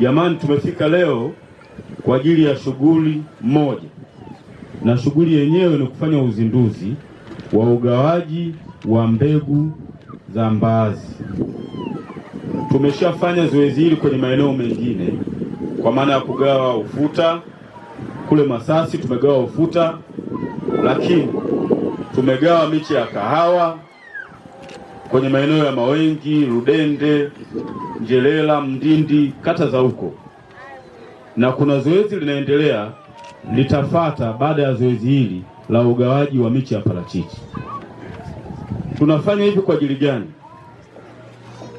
Jamani, tumefika leo kwa ajili ya shughuli moja, na shughuli yenyewe ni kufanya uzinduzi wa ugawaji wa mbegu za mbaazi. Tumeshafanya zoezi hili kwenye maeneo mengine, kwa maana ya kugawa ufuta kule Masasi, tumegawa ufuta, lakini tumegawa miche ya kahawa kwenye maeneo ya Mawengi, Rudende Njelela, Mdindi, kata za huko, na kuna zoezi linaendelea litafata baada ya zoezi hili la ugawaji wa miche ya parachichi. Tunafanya hivi kwa ajili gani?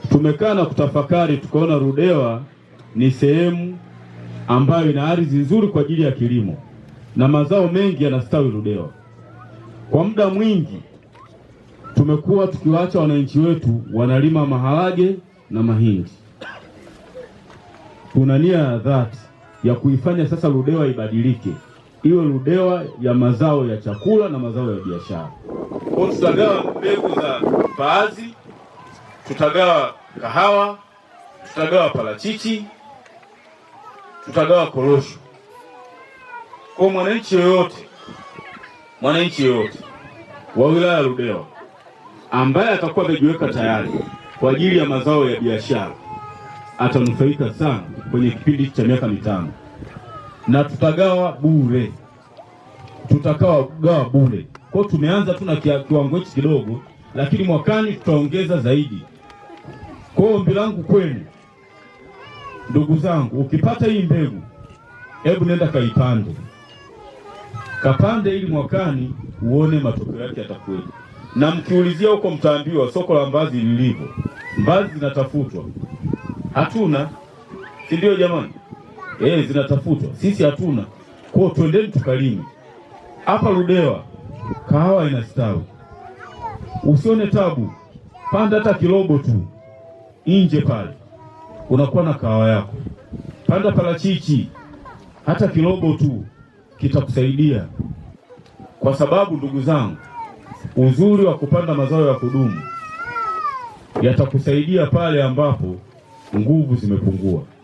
Tumekaa na kutafakari, tukaona Ludewa ni sehemu ambayo ina ardhi nzuri kwa ajili ya kilimo na mazao mengi yanastawi Ludewa. Kwa muda mwingi tumekuwa tukiwaacha wananchi wetu wanalima maharage na mahindi. Kuna nia ya dhati ya kuifanya sasa Ludewa ibadilike iwe Ludewa ya mazao ya chakula na mazao ya biashara. tutagawa mbegu za mbaazi, tutagawa kahawa, tutagawa parachichi, tutagawa korosho kwa mwananchi yoyote, mwananchi yoyote wa wilaya ya Ludewa ambaye atakuwa amejiweka tayari kwa ajili ya mazao ya biashara atanufaika sana kwenye kipindi cha miaka mitano, na tutagawa bure, tutakawagawa bure. Kwa tumeanza tu na kiwango hichi kidogo, lakini mwakani tutaongeza zaidi. Kwa ombi langu kwenu, ndugu zangu, ukipata hii mbegu, hebu nenda kaipande, kapande ili mwakani uone matokeo yake yatakuwepo na mkiulizia huko mtaambiwa soko la mbazi lilivyo. Mbazi zinatafutwa, hatuna, si ndio jamani? E, zinatafutwa, sisi hatuna. Kwa twendeni tukalime hapa Ludewa. Kahawa inastawi, usione tabu, panda hata kilogo tu nje pale, unakuwa na kahawa yako. Panda parachichi hata kilogo tu, kitakusaidia kwa sababu ndugu zangu Uzuri wa kupanda mazao ya kudumu yatakusaidia pale ambapo nguvu zimepungua.